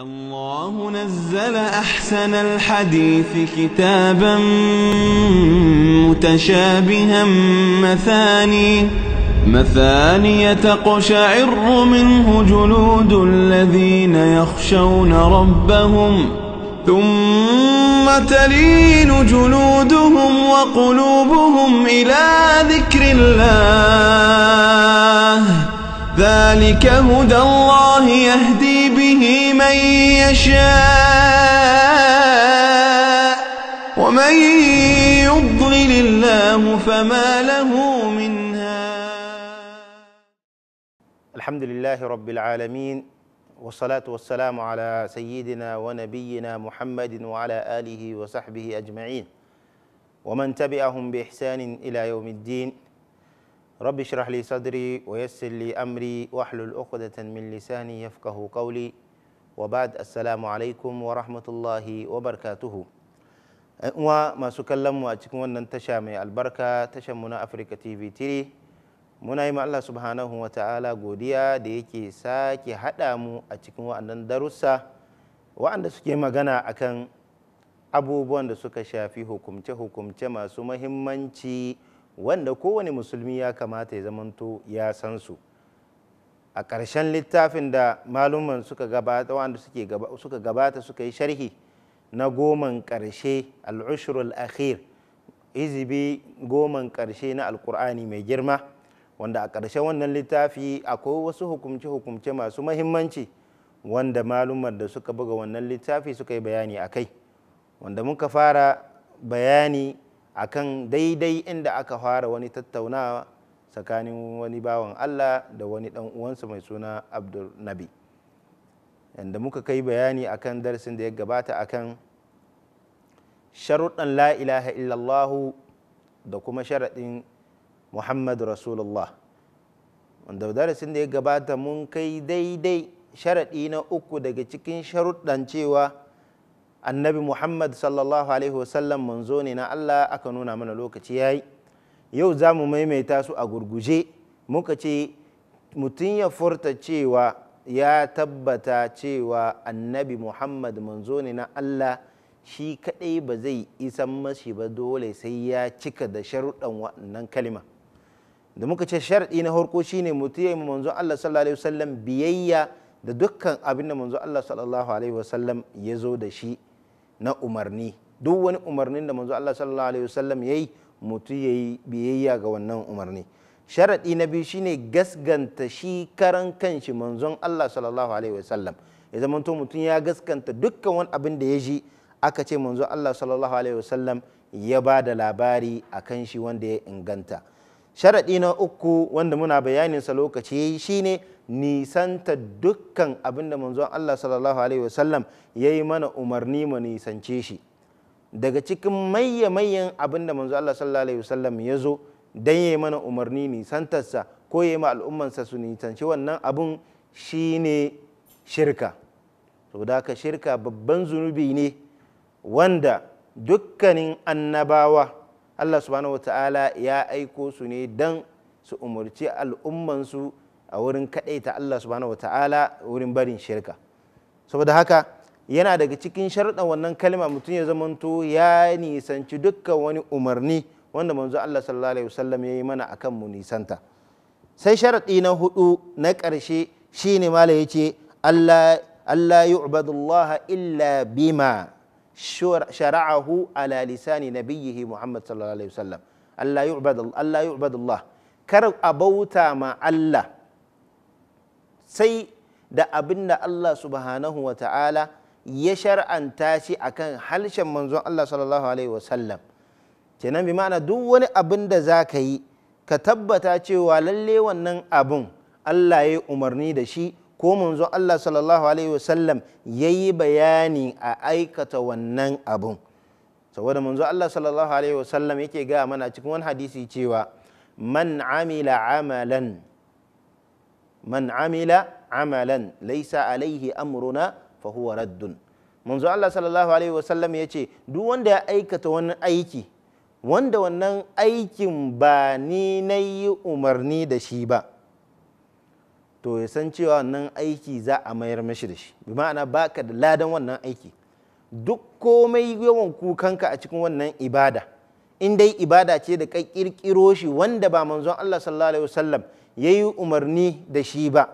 الله نزل أحسن الحديث كتابا متشابها مثاني مثاني تقشعر منه جلود الذين يخشون ربهم ثم تلين جلودهم وقلوبهم إلى ذكر الله ذلك هدى الله يهدي به من يشاء ومن يضلل الله فما له من هاد الحمد لله رب العالمين والصلاة والسلام على سيدنا ونبينا محمد وعلى آله وصحبه أجمعين ومن تبعهم بإحسان إلى يوم الدين رب اشرح لي صدري ويسر لي أمري واحلل عقدة من لساني يفقه قولي wa ba'd assalamu alaikum wa rahmatullahi wa barkatuhu. ‘yan uwa masu kallon mu a cikin wannan tasha mai albarka tashan mu na Africa TV 3 muna yi Allah subhanahu wa ta'ala godiya da yake sake haɗa mu a cikin wa'annan darussa wa'anda suke magana akan abubuwan da suka shafi hukumce-hukumce masu mahimmanci wanda kowane musulmi ya kamata ya zamanto ya san su. a ƙarshen littafin da maluman suka gabata wanda suka gabata suka yi sharhi na goman ƙarshe al'ushurul akhir izibi goman ƙarshe na alƙur'ani mai girma wanda a ƙarshe wannan littafi akwai wasu hukumce-hukumce masu mahimmanci wanda malumman da suka buga wannan littafi suka yi bayani a kai wanda muka fara bayani akan daidai inda aka fara wani tattaunawa tsakanin wani bawan Allah da wani dan uwansa mai suna Abdul Nabi yanda muka kai bayani akan darasin da ya gabata akan sharuɗan la ilaha illallahu da kuma sharaɗin Muhammad Rasulullah wanda darasin da ya gabata mun kai daidai sharaɗi na uku daga cikin sharuɗan cewa annabi Muhammad sallallahu alaihi wasallam manzo ne na Allah aka nuna mana lokaci yayi yau za mu maimaita su a gurguje muka ce mutum ya furta cewa ya tabbata cewa annabi muhammad manzo ne na allah shi kadai ba zai isan mashi ba dole sai ya cika da sharuɗan waɗannan kalima da muka ce sharɗi na harko shine mutum ya yi manzo allah sallallahu alaihi wasallam biyayya da dukkan abin da manzo allah sallallahu alaihi wasallam ya zo da shi na umarni duk wani umarnin da manzo allah sallallahu alaihi wasallam ya yi mutum ya yi biyayya ga wannan umarni sharaɗi na biyu shine gaskanta shi karan kanshi manzon Allah sallallahu alaihi wasallam ya zama to mutum ya gaskanta dukkan wani abin da ya ji aka ce manzon Allah sallallahu alaihi wasallam ya ba da labari a kan shi wanda ya inganta sharaɗi na uku wanda muna bayanin sa lokaci shine nisanta dukkan abin da manzon Allah sallallahu alaihi wasallam ya yi mana umarni mu nisance shi daga cikin mayya mayyan abin da manzo Allah sallallahu alaihi wasallam ya zo dan yayi mana umarni ni santarsa ko yayi ma al'ummansa su nisanci wannan abun shine shirka saboda haka shirka babban zunubi ne wanda dukkanin annabawa Allah subhanahu wataala ya aiko su ne dan su umarci al'ummansu a wurin kadaita Allah subhanahu wataala wurin barin shirka saboda haka yana daga cikin sharɗan wannan kalma mutum ya zamanto ya nisanci dukkan wani umarni wanda manzo Allah sallallahu alaihi wasallam ya yi mana akan mu nisanta sai sharaɗi na hudu na ƙarshe shine mala yace Allah Allah yu'badullah illa bima shara'ahu ala lisani nabiyhi Muhammad sallallahu alaihi wasallam Allah yu'badullah Allah yu'badullah kar abauta ma Allah sai da abinda Allah subhanahu wa ta'ala ya shar'anta shi kan harshen manzon Allah sallallahu alaihi wasallam kenan bi ma'ana duk wani abin da za ka yi ka tabbata cewa lalle wannan abin Allah ya yi umarni da shi ko manzon Allah sallallahu alaihi wasallam ya yi bayani a aikata wannan abin saboda manzon Allah sallallahu alaihi wasallam yake ga mana cikin wani hadisi cewa man amila amalan man amila amalan laisa alaihi amruna fa huwa raddun manzo Allah sallallahu alaihi wasallam ya ce duk wanda ya aikata wani aiki wanda wannan aikin ba ni na yi umarni da shi ba to ya san cewa wannan aiki za a mayar mashi da shi bi ma'ana baka da ladan wannan aiki duk komai yawan kukanka a cikin wannan ibada in dai ibada ce da kai kirkiro shi wanda ba manzon Allah sallallahu alaihi wasallam yayi umarni da shi ba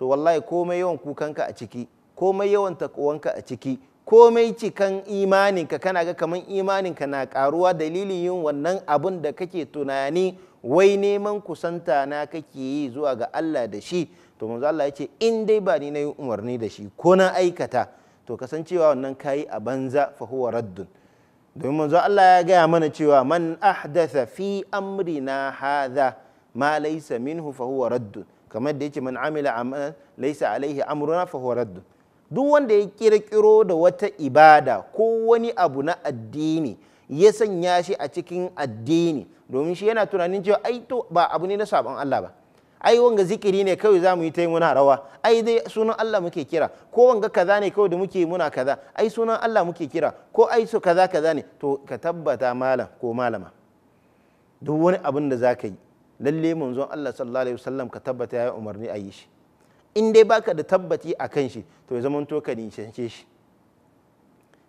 to wallahi komai yawan kukanka a ciki komai yawan takuwanka a ciki komai cikan imaninka kana ga kamar imaninka na karuwa dalilin yin wannan abin da kake tunani wai neman kusanta na kake yi zuwa ga Allah da shi to manzo Allah ya in dai ba ni na yi umarni da shi ko na aikata to kasancewa wannan kayi a banza fa huwa raddun domin manzo Allah ya gaya mana cewa man ahdatha fi amrina hadha ma laysa minhu fa huwa raddun kamar da yake man amila amalan laysa alaihi amruna fa huwa raddun duk wanda ya kirkiro da wata ibada ko wani abu na addini ya sanya shi a cikin addini domin shi yana tunanin cewa ai to ba abu ne na sabon Allah ba ai wanga zikiri ne kawai za mu yi ta yi muna rawa ai dai sunan Allah muke kira ko wanga kaza ne kawai da muke muna kaza ai sunan Allah muke kira ko ai so kaza kaza ne to ka tabbata malam ko malama duk wani abin da za ka yi lalle manzon Allah sallallahu alaihi wasallam ka tabbata ya umarni a yi shi in dai baka da tabbati a kan shi to ya zama to ka nishance shi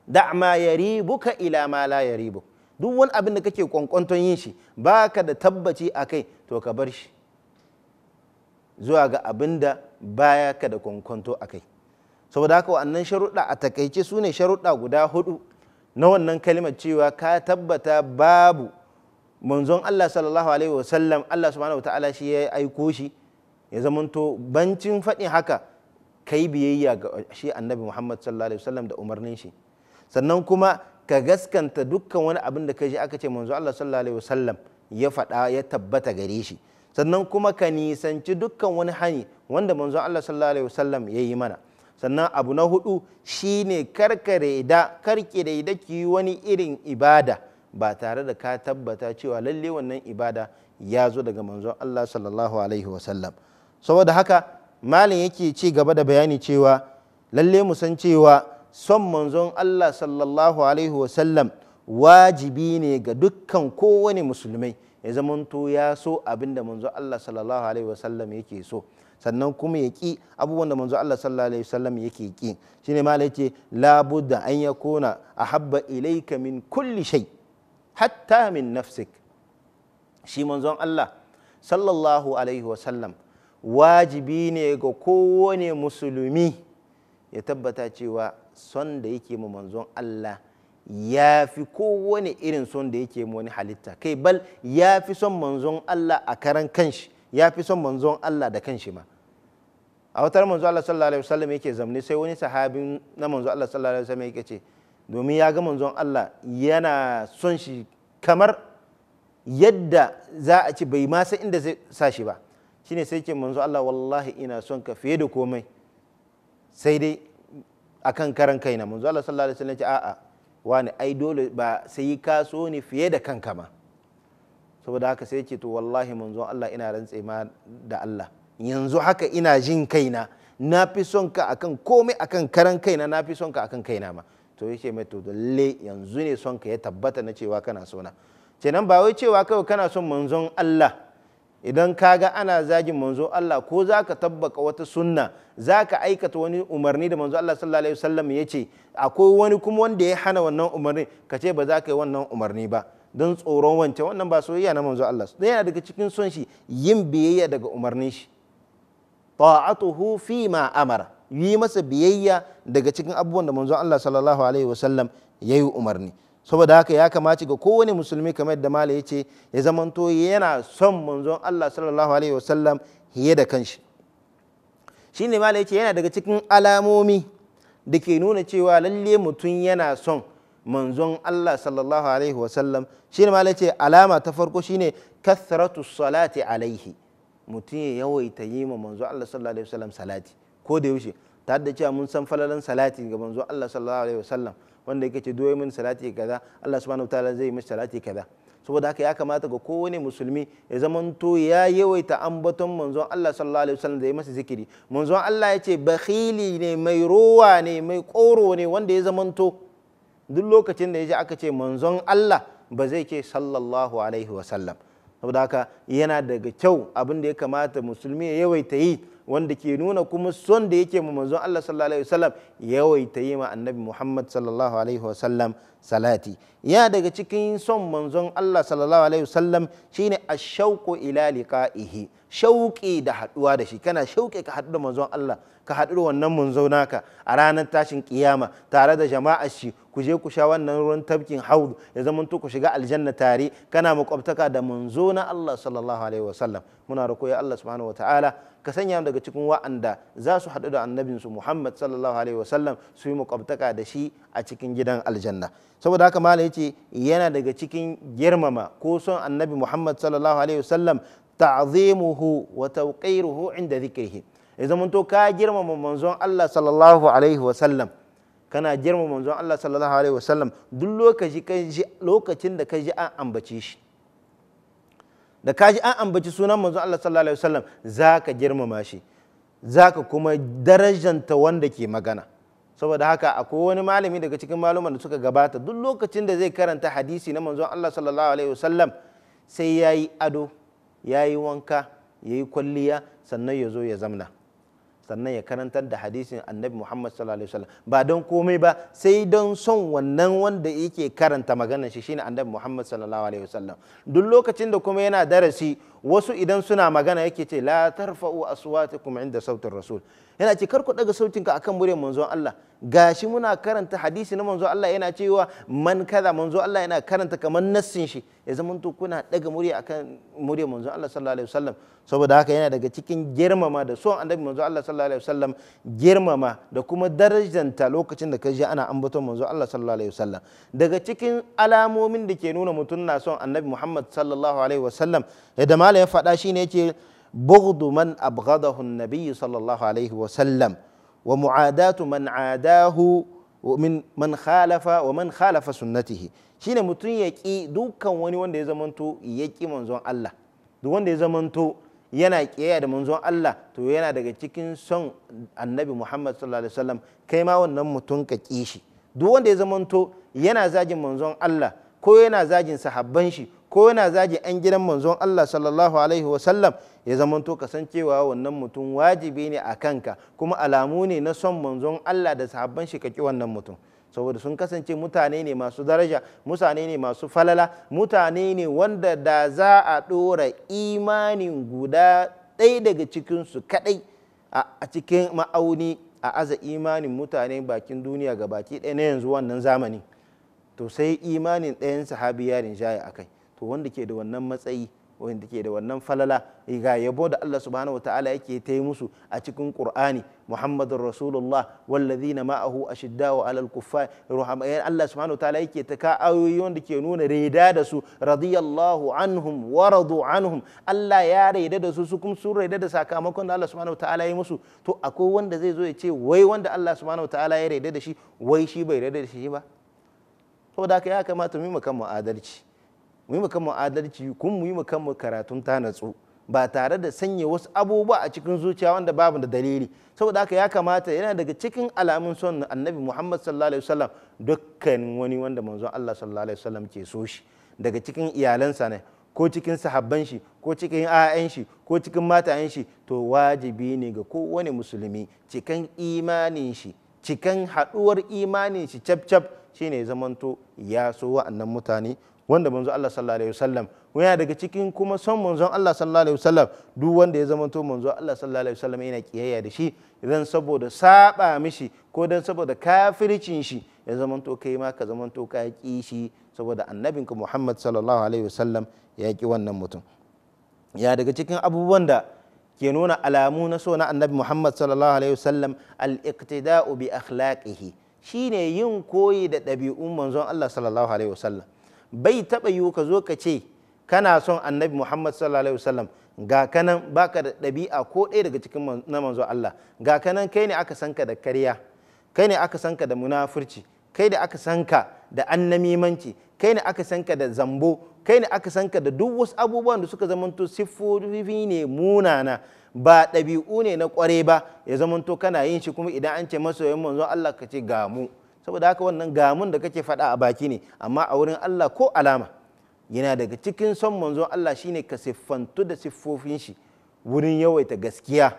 da ma ka ila ma la ribu duk wani abin da kake kwankwanton yin shi baka da tabbaci a kai to ka bar shi zuwa ga abin da baya ka da kwankwanto a kai saboda haka wannan sharuɗa a takaice su ne sharuɗa guda hudu na wannan kalimar cewa ka tabbata babu manzon Allah sallallahu alaihi wasallam Allah subhanahu wa ta'ala shi ya aiko shi ya zamanto bancin faɗi haka kai biyayya ga shi annabi muhammad sallallahu alaihi wasallam da umarnin shi sannan kuma ka gaskanta dukkan wani abin da ka ji aka ce manzo Allah sallallahu alaihi wasallam ya faɗa ya tabbata gare shi sannan kuma ka nisanci dukkan wani hani wanda manzo Allah sallallahu alaihi wasallam ya yi mana sannan abu na hudu shine karkare da karkire da ki wani irin ibada ba tare da ka tabbata cewa lalle wannan ibada ya zo daga manzon Allah sallallahu alaihi wasallam saboda haka malin yake ci gaba da bayani cewa lalle mu san cewa son manzon Allah sallallahu alaihi wasallam wajibi ne ga dukkan kowane musulmai ya zamanto ya so abin da manzon Allah sallallahu alaihi wasallam yake so sannan kuma ya ki abubuwan da manzo Allah sallallahu alaihi wasallam yake ki shine ma yace la budda an yakuna ahabba ilayka min kulli shay hatta min nafsik shi manzon Allah sallallahu alaihi wasallam wajibi ne ga kowane musulmi ya tabbata cewa son da yake ma manzon Allah ya fi kowane irin son da yake ma wani halitta kai bal ya fi son manzon Allah a karan kanshi ya fi son manzon Allah da kanshi ma a watar manzon Allah sallallahu alaihi wasallam yake zamne sai wani sahabin na manzon Allah sallallahu alaihi wasallam yake ce domin ya ga manzon Allah yana son shi kamar yadda za a ci bai ma sai inda zai sa shi ba shine sai ce manzo Allah wallahi ina son ka fiye da komai sai dai akan karan kaina manzo Allah sallallahu alaihi wasallam ya ce a'a wani ai dole ba sai ka so ni fiye da kanka ma saboda haka sai ce to wallahi manzo Allah ina rantse ma da Allah yanzu haka ina jin kaina na fi son ka akan komai akan karan kaina na fi son ka akan kaina ma to yace mai to lalle yanzu ne son ka ya tabbata na cewa kana sona kenan ba wai cewa kawai kana son manzon Allah idan ka ga ana zagin manzo Allah ko za ka tabbaka wata sunna za ka aikata wani umarni da manzo Allah sallallahu alaihi wasallam ya ce akwai wani kuma wanda ya hana wannan umarni ka ce ba za ka yi wannan umarni ba don tsoron wancan wannan ba soyayya na manzo Allah don yana daga cikin son shi yin biyayya daga umarnin shi ta'atuhu fi ma amara yi masa biyayya daga cikin abubuwan da manzo Allah sallallahu alaihi wasallam yayi umarni saboda haka ya kamace ga kowane musulmi kamar yadda mala ya ce ya zamanto yana son manzon Allah sallallahu alaihi wasallam hiye da kanshi shi ne mala ya ce yana daga cikin alamomi da ke nuna cewa lalle mutum yana son manzon Allah sallallahu alaihi wasallam shi ne mala ya ce alama ta farko shi ne kathratu salati alaihi mutum ya yawaita yi ma manzon Allah sallallahu alaihi wasallam salati ko da yaushe tare da cewa mun san falalan salati ga manzon Allah sallallahu alaihi wasallam wanda yake ce doye min salati kaza Allah subhanahu wataala zai mishi salati kaza saboda haka ya kamata ga kowane musulmi ya zamanto ya yawaita ambaton manzon Allah sallallahu alaihi wasallam da ya masa zikiri manzon Allah ya ce bakhili ne mai rowa ne mai koro ne wanda ya zamanto duk lokacin da ya ji aka ce manzon Allah ba zai ce sallallahu alaihi wasallam saboda haka yana daga kyau abin da ya kamata musulmi ya yawaita yi wanda ke nuna kuma son da yake mu manzon Allah sallallahu alaihi wasallam ta yi ma annabi Muhammad sallallahu alaihi wasallam salati ya daga cikin son manzon Allah sallallahu alaihi wasallam shine ashauqu ila liqa'ihi shauƙe da haɗuwa da shi kana shauƙe ka haɗu da manzon Allah ka haɗu da wannan manzo naka a ranar tashin kiyama tare da jama'ar shi ku je ku sha wannan ruwan tafkin haudu ya zama ku shiga aljanna tare kana makwabtaka da manzo na Allah sallallahu alaihi wasallam muna rako ya Allah subhanahu wataala ka sanya daga cikin wa'anda za su haɗu da annabin su Muhammad sallallahu alaihi wasallam su yi makwabtaka da shi a cikin gidan aljanna saboda haka malam ce yana daga cikin girmama ko son annabi Muhammad sallallahu alaihi wasallam ta'zimuhu wa tawqiruhu inda zikrihi ya zamanto ka girmama manzon Allah sallallahu alaihi wa sallam kana girmama manzon Allah sallallahu alaihi wa sallam lokacin da ka ji an ambace ji an sunan manzon Allah sallallahu alaihi wa sallam zaka girmama shi zaka kuma darajanta wanda ke magana saboda haka akwai wani malami daga cikin maluman da suka gabata duk lokacin da zai karanta hadisi na manzon Allah sallallahu alaihi wa sallam sai yayi ado ya yi wanka ya yi kwalliya sannan ya zo ya zamna sannan ya karantar da hadisin annabi muhammad sallallahu alaihi wasallam ba don komai ba sai don son wannan wanda yake karanta maganar shi shine annabi muhammad sallallahu alaihi wasallam duk lokacin da kuma yana darasi wasu idan suna magana yake ce la tarfa'u aswatakum inda sautin rasul yana ce kar ku daga sautin ka akan muryar manzon Allah gashi muna karanta hadisi na manzon Allah yana cewa man kaza manzon Allah yana karanta kamar nassin shi ya zama to kuna daga murya akan muryar manzon Allah sallallahu alaihi wasallam saboda haka yana daga cikin girmama da son annabi manzon Allah sallallahu alaihi wasallam girmama da kuma darajanta lokacin da ka ji ana ambaton manzon Allah sallallahu alaihi wasallam daga cikin alamomin da ke nuna mutum na son annabi Muhammad sallallahu alaihi wasallam da malam ya faɗa shine yake bughdu man abghadahu an-nabiy sallallahu alaihi wa sallam wa mu'adatu man adahu min man khalafa wa man khalafa sunnatihi shine mutum ya ki dukkan wani wanda ya zamanto ya ki manzon Allah duk wanda ya zamanto yana kiyaya da manzon Allah to yana daga cikin son annabi Muhammad sallallahu alaihi wasallam kai ma wannan mutum ka ki shi duk wanda ya zamanto yana zagin manzon Allah ko yana zagin sahabban shi ko na zagin an gidan manzon Allah sallallahu alaihi wasallam ya zamanto kasancewa wannan mutum wajibi ne a kanka kuma alamu ne na son manzon Allah da sahabban shi kaki wannan mutum saboda sun kasance mutane ne masu daraja mutane ne masu falala mutane ne wanda da za a ɗora imanin guda ɗaya daga cikinsu kaɗai a cikin ma'auni a aza imanin mutane bakin duniya ga baki ɗaya na yanzu wannan zamani to sai imanin ɗayan sahabi ya rinjaye a kai to wanda ke da wannan matsayi wanda ke da wannan falala ga yabo da Allah subhanahu wa ta'ala yake ta yi musu a cikin Qur'ani Muhammadur Rasulullah wallazina ma'ahu ashiddau 'alal kuffar rahamai eh, Allah subhanahu wa ta'ala yake ta ka ayoyi wanda ke nuna reda da su radiyallahu anhum wa radu anhum Allah ya reda da su su kuma sun reda da sakamakon da Allah subhanahu wa ta'ala ya musu to akwai wanda zai zo ya ce wai wanda Allah subhanahu wa ta'ala ya reda da shi wai shi bai reda da shi ba saboda haka ya kamata mu yi mu adalci mu yi mu adalci kun mu yi mu karatun ta natsu ba tare da sanya wasu abubuwa a cikin zuciya wanda babu da dalili saboda haka ya kamata yana daga cikin alamun son annabi muhammad sallallahu alaihi wasallam dukkan wani wanda manzon allah sallallahu alaihi wasallam ke so shi daga cikin iyalansa ne ko cikin sahabban shi ko cikin ayan shi ko cikin matayen shi to wajibi ne ga kowane musulmi cikan imanin shi cikan haɗuwar imanin shi cap cap shine zamanto ya so wa'annan mutane wanda manzon Allah sallallahu alaihi wasallam yana daga cikin kuma son manzon Allah sallallahu alaihi wasallam duk wanda ya zamanto manzon Allah sallallahu alaihi wasallam yana kiyayya da shi idan saboda saba mishi ko dan saboda kafircin shi ya zama zamanto kai ma ka zamanto ka ki shi saboda annabin ka Muhammad sallallahu alaihi wasallam ya ki wannan mutum ya daga cikin abubuwan da ke nuna alamu na so na annabi Muhammad sallallahu alaihi wasallam al-iqtida'u bi akhlaqihi shine yin koyi da ɗabi'un manzon Allah sallallahu alaihi wasallam bai taɓa yiwu ka zo ka ce kana son annabi muhammad sallallahu alaihi wasallam ga kanan baka da ɗabi'a ko ɗaya daga cikin na manzo Allah ga kanan kai ne aka sanka da karya kai ne aka sanka da munafurci kai ne aka sanka da annamimanci kai ne aka sanka da zambo kai ne aka sanka da duk wasu abubuwan da suka zamanto siffofi ne munana ba ɗabi'u ne na ƙware ba ya zamanto kana yin shi kuma idan an ce masoyin manzo Allah ka ce ga mu saboda haka wannan gamun da kake faɗa a baki ne amma a wurin Allah ko alama yana daga cikin son manzo Allah shine ka siffantu da siffofin shi wurin yawaita gaskiya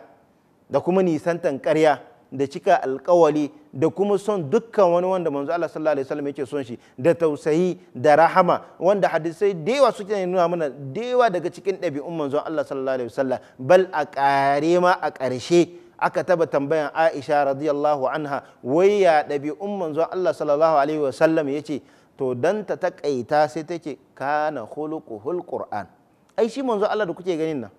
da kuma nisantan ƙarya da cika alkawali da kuma son dukkan wani wanda manzo Allah sallallahu alaihi wasallam yake son shi da tausayi da rahama wanda hadisai da yawa suke nuna mana da yawa daga cikin ɗabi'un manzo Allah sallallahu alaihi wasallam bal a ƙare ma a ƙarshe aka taba tambayan Aisha radiyallahu anha wai ya ɗabi'un manzon Allah sallallahu alaihi wasallam yace to don ta takaita sai ta take kana khuluquhul qur'an ai shi manzon Allah da kuke ganin nan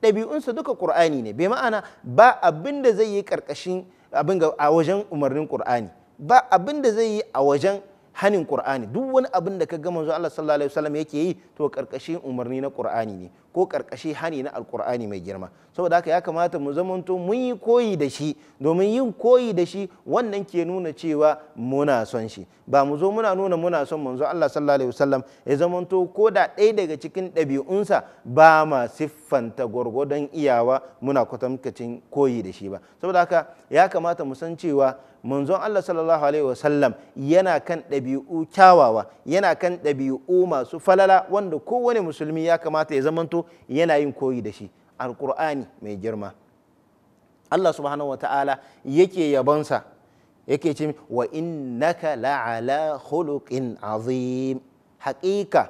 ɗabi'unsa duka qur'ani ne bai ma'ana ba abin da zai yi karkashin abin a wajen umarnin qur'ani ba abin da zai yi a wajen hanin qur'ani duk wani abin da ka ga manzon Allah sallallahu alaihi wasallam yake yi to karkashin umarni na qur'ani ne ko karkashi hani na alkur'ani mai girma saboda haka ya kamata mu zamanto mun yi koyi da shi domin yin koyi da shi wannan ke nuna cewa muna son shi ba mu zo muna nuna muna son manzo Allah sallallahu alaihi wasallam ya zamanto ko da ɗaya daga cikin ɗabi'unsa ba ma siffanta gwargwadon iyawa muna kwatankacin koyi da shi ba saboda haka ya kamata mu san cewa manzon Allah sallallahu alaihi wasallam yana kan ɗabi'u kyawawa yana kan ɗabi'u masu falala wanda kowane musulmi ya kamata ya zamanto yana yin koyi da shi alkur'ani mai girma Allah subhanahu wata'ala yake yabonsa yake ce wa innaka la'ala khuluqin azim haƙiƙa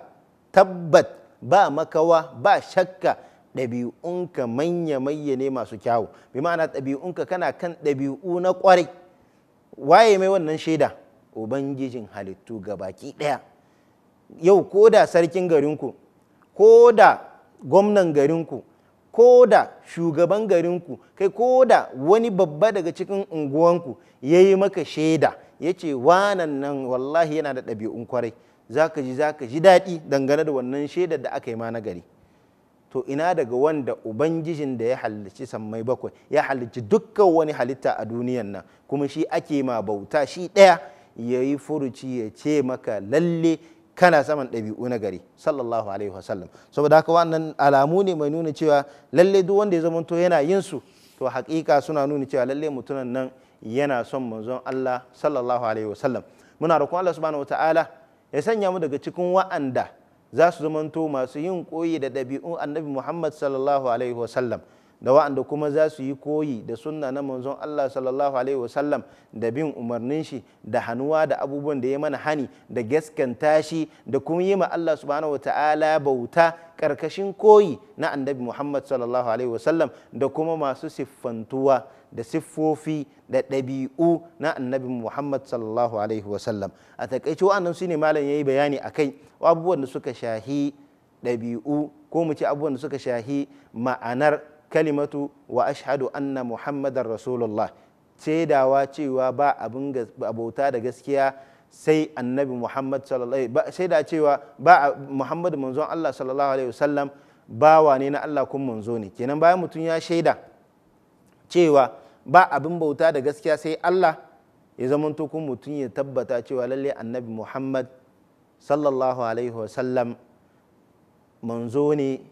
tabbat ba makawa ba shakka ɗabi'unka manya-manya ne masu kyawu bi ma'ana ɗabi'unka kana kan ɗabi'u na ƙwarai waye mai wannan shaida ubangijin halittu ga baki ɗaya yau ko da sarkin garinku ko da gwamnan garinku ko da shugaban garinku kai ko da wani babba daga cikin unguwanku ya yi maka shaida ya ce wanan nan wallahi yana da ɗabi'un kwarai za ka ji za ka ji daɗi dangane da wannan shaidar da aka yi ma na gari to ina daga wanda ubangijin da ya halicci sammai bakwai ya halicci dukkan wani halitta a duniyan nan kuma shi ake ma bauta shi ɗaya ya yi furuci ya ce maka lalle kana saman ɗabi'u na gari sallallahu alaihi wasallam saboda haka wannan alamu ne mai nuna cewa lalle duk wanda ya zamanto yana yin su to haƙiƙa suna nuna cewa lalle mutumin nan yana son manzon Allah sallallahu alaihi wasallam muna roƙon Allah subhanahu wataala ya sanya mu daga cikin wa'anda za su zamanto masu yin koyi da ɗabi'un annabi Muhammad sallallahu alaihi wasallam da wa'anda kuma za su yi koyi da sunna na manzon Allah sallallahu alaihi wasallam da bin umarnin shi da hannuwa da abubuwan da ya mana hani da gaskanta shi da kuma yi ma Allah subhanahu wa ta'ala bauta karkashin koyi na annabi Muhammad sallallahu alaihi wasallam da kuma masu siffantuwa da siffofi da ɗabi'u na annabi Muhammad sallallahu alaihi wasallam a takaice wa'annan su ne malam yayi bayani akai abubuwan da suka shahi ɗabi'u ko mu ce abubuwan da suka shahi ma'anar kalimatu wa ashhadu anna muhammadar rasulullah shaidawa cewa ba abin abota da gaskiya sai annabi muhammad sallallahu alaihi shaida cewa ba muhammad manzon Allah sallallahu alaihi wasallam bawa ne na Allah kun manzo ne kenan bayan mutum ya shaida cewa ba abin bauta da gaskiya sai Allah ya zamanto kun mutum ya tabbata cewa lalle annabi muhammad sallallahu alaihi wasallam manzo ne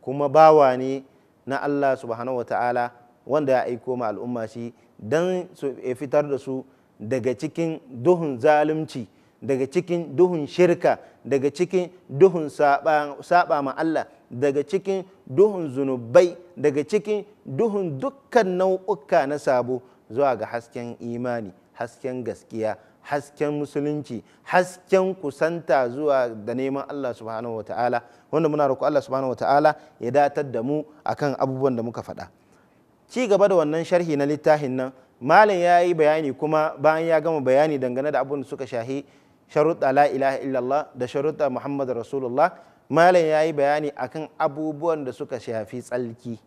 kuma bawa ne na Allah subhanahu wata'ala wanda ya aiko ma al'umma shi don su fitar da su daga cikin duhun zalunci daga cikin duhun shirka daga cikin duhun saba ma Allah daga cikin duhun zunubai daga cikin duhun dukkan nau'uka na sabo zuwa ga hasken imani hasken gaskiya hasken musulunci hasken kusanta zuwa da neman Allah subhanahu wataala wanda muna roƙo Allah subhanahu wataala ya datar da mu akan abubuwan da muka faɗa ci gaba da wannan sharhi na littafin nan malam ya yi bayani kuma bayan ya gama bayani dangane da abubuwan da suka shahi sharuɗa la ilaha illallah da sharuɗa muhammad rasulullah malam ya yi bayani akan abubuwan da suka shafi tsalki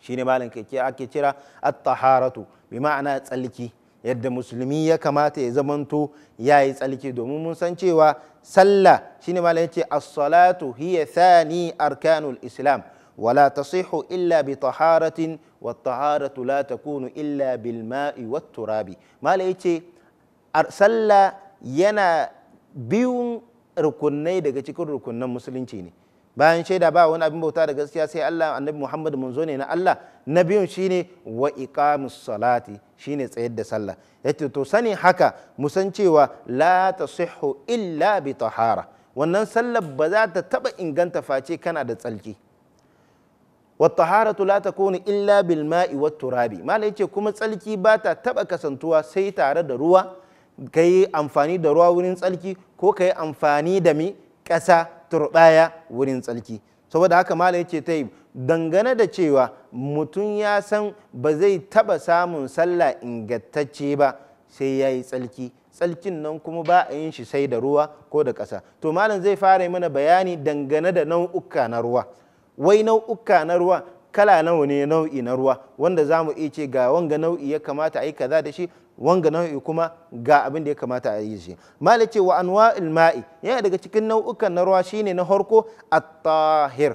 shine malam kake ake kira at-taharatu bi ma'ana tsalki yadda musulmi ya kamata ya zamanto ya yi tsalki domin mun san cewa sallah shine malam yace as-salatu hiya thani arkanul islam wala tasihu illa bi taharatin wa taharatu la takunu illa bil ma'i wat turabi yace sallah yana biyun rukunai daga cikin rukunan musulunci ne bayan shaida ba wani abin bauta da gaskiya sai Allah annabi Muhammad manzo ne na Allah na biyun shine wa iqamus salati shine tsayar da sallah yace to sani haka musan cewa la tasihhu illa bi tahara wannan sallar ba za ta taba inganta face kana da tsalki wa taharatu la takunu illa bil ma'i wat turabi malai yace kuma tsalki ba ta taba kasantuwa sai tare da ruwa kai amfani da ruwa wurin tsalki ko kai amfani da mi ƙasa turbaya wurin tsalki saboda haka malam yake ta yi dangane da cewa mutum ya san ba zai taba samun sallah ingantacce ba sai ya yi tsalki tsalkin nan kuma ba a yin shi sai da ruwa ko da ƙasa to malam zai fara mana bayani dangane da nau'uka na ruwa wai nau'uka na ruwa kala nawa ne nau'i na ruwa wanda za mu iya ce ga wanga nau'i ya kamata a yi kaza da shi wanga nau'i kuma ga abin da ya kamata a yi shi malai ce wa anwa'il ma'i yana daga cikin nau'ukan na ruwa shine na harko at-tahir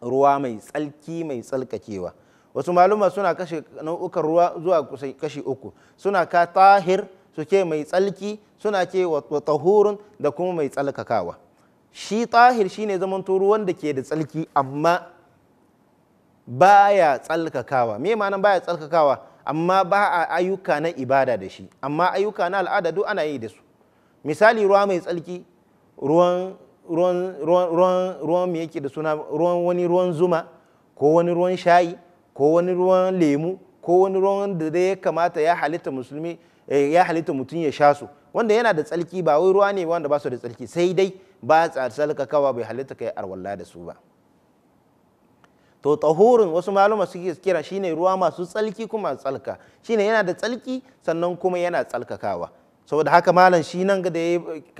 ruwa mai tsalki mai tsalkakewa wasu maluma suna kashe nau'ukan ruwa zuwa kusan kashi uku suna ka tahir suke mai tsalki suna ke wa tahurun da kuma mai tsalkakawa shi tahir shine zamanto ruwan da ke da tsalki amma baya tsalkakawa me ma'anan baya tsalkakawa amma ba a ayyuka na ibada da shi amma ayyuka na al'ada duk ana yi da su misali ruwa mai tsalki ruwan ruwan ruwan yake da suna ruwan wani ruwan zuma ko wani ruwan shayi ko wani ruwan lemu ko wani ruwan da ya kamata ya halitta musulmi eh, ya halitta mutum ya sha su wanda yana da tsalki ba wai ruwa ne wanda ba su da tsalki sai dai ba tsalkakawa bai halitta kai arwalla da su ba to tahurin wasu maluma suke kira shine ruwa masu tsalki kuma tsalka shine yana da tsalki sannan kuma yana tsalkakawa saboda haka malam shi nan da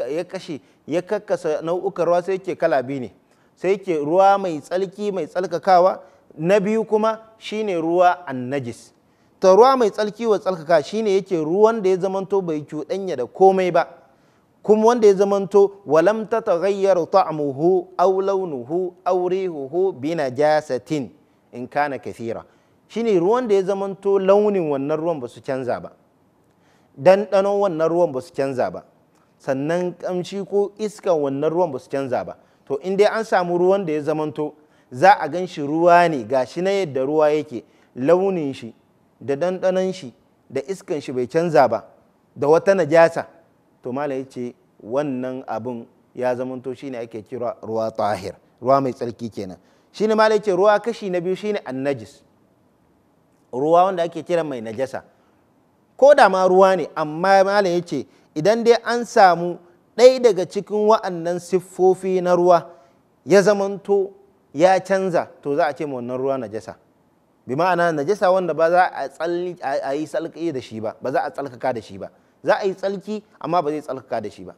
ya kashe ya kakkasa nau'ukan ruwa sai yake kala biyu ne sai yake ruwa mai tsalki mai tsalkakawa na biyu kuma shine ruwa annajis to ruwa mai tsalki wa tsalkaka shine yake ruwan da ya zamanto bai cuɗanya da komai ba kuma wanda ya zamanto walam ta tagayyaru ta'muhu aw launuhu aw rihuhu bi najasatin in kana kathira shine ruwan da ya zamanto launin wannan ruwan ba su canza ba Dandanon wannan ruwan ba su canza ba sannan kamshi ko iskan wannan ruwan ba su canza ba to in dai an samu ruwan da ya zamanto za a gan shi ruwa ne ga shi na yadda ruwa yake launin shi da ɗanɗanon shi da iskan shi bai canza ba da wata najasa to mala ya ce wannan abun ya zamanto shine ake kira ruwa tahir ruwa mai tsarki kenan ne mala ya ce ruwa kashi na biyu shine annajis ruwa wanda ake kira mai najasa ko da ma ruwa ne amma mala ya ce idan dai an samu ɗaya daga cikin wa'annan siffofi na ruwa ya zamanto ya canza to za a ce ma wannan ruwa najasa bi ma'ana najasa wanda ba za a yi da shi ba ba za a tsalkaka da shi ba za a yi tsalki amma ba zai tsalkaka da shi ba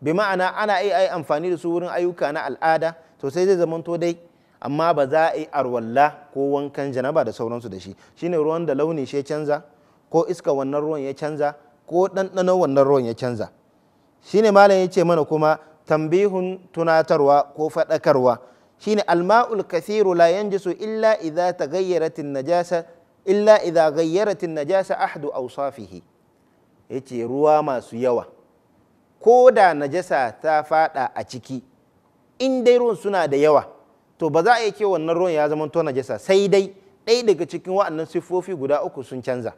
bi ma'ana ana iya ai amfani da su wurin ayyuka na al'ada to sai zai zamanto dai amma ba za a yi arwalla ko wankan janaba da sauransu da shi shine ruwan da launi shi ya canza ko iska wannan ruwan ya canza ko ɗanɗanon wannan ruwan ya canza shine malam ya ce mana kuma tambihun tunatarwa ko faɗakarwa shine alma'ul kathiru la yanjisu illa idza taghayyarat najasa illa idza ghayyarat najasa ahdu awsafihi yace ruwa masu yawa ko da najasa ta fada a ciki in dai ruwan suna da yawa to ba za a iya ce wannan ruwan ya zama to najasa sai dai ɗaya daga cikin wa'annan siffofi guda uku sun canza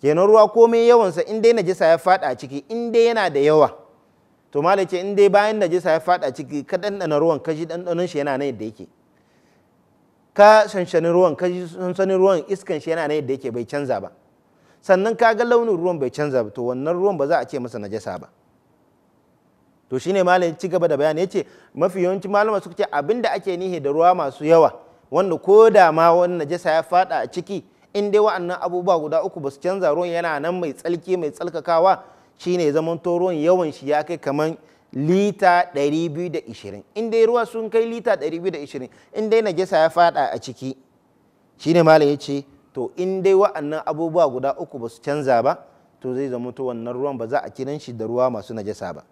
kenan ruwa komai yawansa in dai najasa ya fada a ciki in dai yana da yawa to malai ce in dai bayan najasa ya fada a ciki ka ɗanɗana ruwan ka ji ɗanɗanon shi yana nan yadda yake ka shanshanin ruwan ka ji sansanin ruwan iskan shi yana nan yadda yake bai canza ba sannan ka ga launin ruwan bai canza ba to wannan ruwan ba za a ce masa najasa ba to shine malam ci gaba da bayani yace mafi yawanci malama suka ce abinda ake nihi da ruwa masu yawa wanda ko da ma wani najasa ya fada a ciki in dai wa'annan abubuwa guda uku basu canza ruwan yana nan mai tsalki mai tsalkakawa shine zaman to ruwan yawan shi ya kai kaman lita 220 in dai ruwa sun kai lita 220 in dai najasa ya fada a ciki shine malam yace to in dai wa'annan abubuwa guda uku ba su canza ba to zai zama to wannan ruwan ba za a kiran shi da ruwa masu najasa ba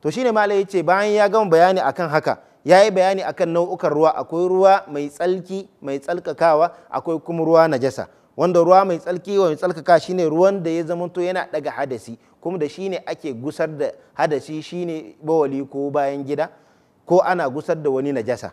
to shine malai yace bayan ya gama bayani akan haka yayi bayani akan nau'ukan ruwa akwai ruwa mai tsalki mai tsalkakawa akwai kuma ruwa najasa wanda ruwa mai tsalki wa mai tsalkaka shine ruwan da ya to yana daga hadasi kuma da shine ake gusar da hadasi shine bawali ko bayan gida ko ana gusar da wani najasa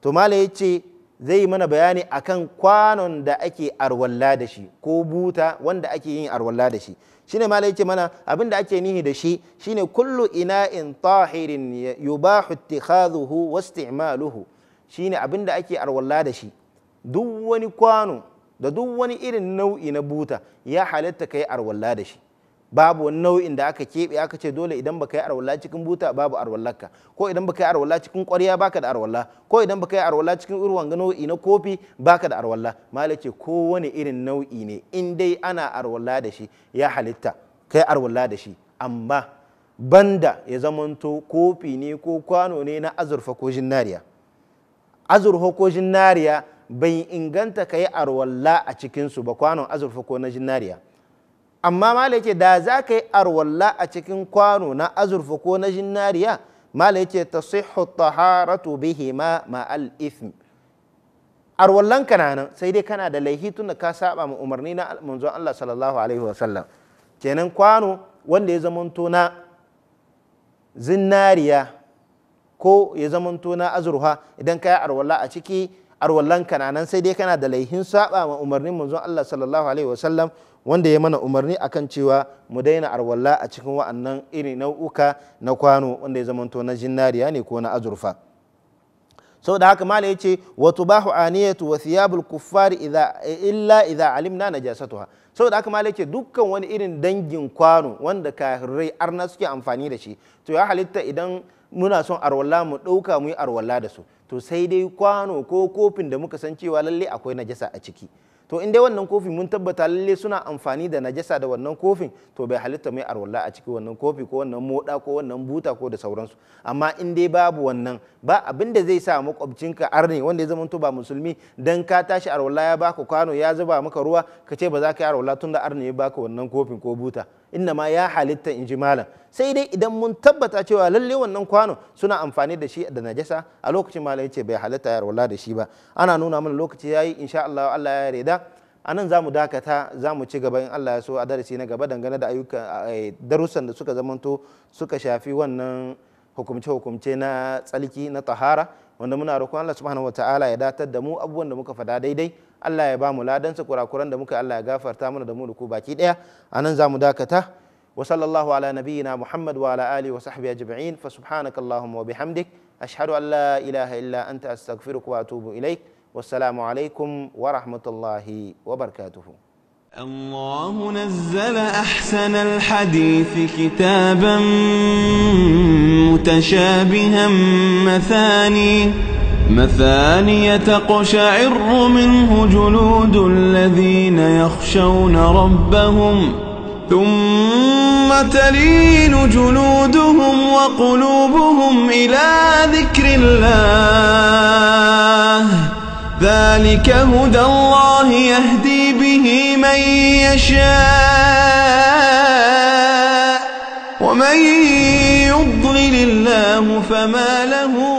to malai yace zai yi mana bayani akan kwanon da ake arwalla da shi ko buta wanda ake yin arwalla da shi shine malai yake mana abin da ake nihi da shi shine kullu ina'in tahirin yubahu ittikhadhuhu wastimaluhu. shine abin da ake arwalla da shi duk wani kwano da duk wani irin nau'i na buta ya halatta kai arwalla da shi babu wani nau'in da aka keɓe aka ce dole idan baka yi arwala cikin buta babu arwalarka ko idan baka yi arwala cikin ƙwarya baka da arwala ko idan baka yi arwala cikin irwan nau'i na kofi baka da arwala malai ce wani irin nau'i ne in dai ana arwala da shi ya halitta kai arwala da shi amma banda ya zamanto kofi ne ko kwano ne na azurfa ko jinnariya azurfa ko jinnariya bai inganta ka yi arwala a cikinsu ba kwanon azurfa ko na jinnariya amma mala yake da za ka yi arwalla a cikin kwano na azurfa ko na jinnariya mala yake ta sihu taharatu bihi ma ma'al ithm arwallan kananan sai dai kana da laihi tun da ka saba ma umarni na manzon Allah sallallahu alaihi wasallam kenan kwano wanda ya zamanto na zinnariya ko ya zamanto na azurfa idan ka yi arwalla a ciki arwallan kananan sai dai kana da laihin saba ma umarnin manzon Allah sallallahu alaihi wasallam wanda ya mana umarni a kan cewa mu daina arwalla a cikin wa'annan iri nau'uka na kwano wanda ya zamanto na jinnariya ne ko na azurfa Sau da haka mala ce wa tubahu aniyatu wa thiyabul kuffari illa najasa alimna najasatuha da haka mala ce dukkan wani irin dangin kwano wanda har arna suke amfani da shi to ya halitta idan muna son arwalla mu ɗauka mu yi arwalla da su to sai dai kwano ko kofin da muka san cewa lalle akwai najasa a ciki to in dai wannan kofi mun tabbata lalle suna amfani da najasa da wannan kofin to bai halitta mai arwala a cikin wannan kofi ko wannan moda ko wannan buta ko da sauransu amma in dai babu wannan ba abin da zai sa makwabcinka arne wanda ya to ba musulmi dan ka tashi arwala ya baka kwano ya zuba maka ruwa ka ce ba za ka yi arwalla tunda arne ya baka wannan kofin ko buta inna ma ya halitta in ji malam sai dai idan mun tabbata cewa lalle wannan kwano suna amfani da shi da najasa a lokacin malam ce bai halitta ya arwalla da shi ba ana nuna mana lokaci yayi insha Allah Allah ya reda anan za mu dakata za mu ci gaba in Allah ya so a darasi na gaba dangane da ayyuka eh, darussan da suka zamanto suka shafi wannan hukumce-hukumce na tsalki na tahara wanda muna roƙon Allah subhanahu wataala ya datar da mu abubuwan da muka fada daidai Allah ya ba mu ladansa kurakuran da muka Allah ya gafarta mana da mu ku baki ɗaya anan za mu dakata wa sallallahu ala nabiyyina Muhammad wa ala alihi wa sahbihi ajma'in fa subhanakallahumma wa bihamdik ashhadu an la ilaha illa anta astaghfiruka wa atubu ilaik والسلام عليكم ورحمة الله وبركاته الله نزل أحسن الحديث كتابا متشابها مثاني مثاني تقشعر منه جلود الذين يخشون ربهم ثم تلين جلودهم وقلوبهم إلى ذكر الله ذلك هدى الله يهدي به من يشاء ومن يضلل الله فما له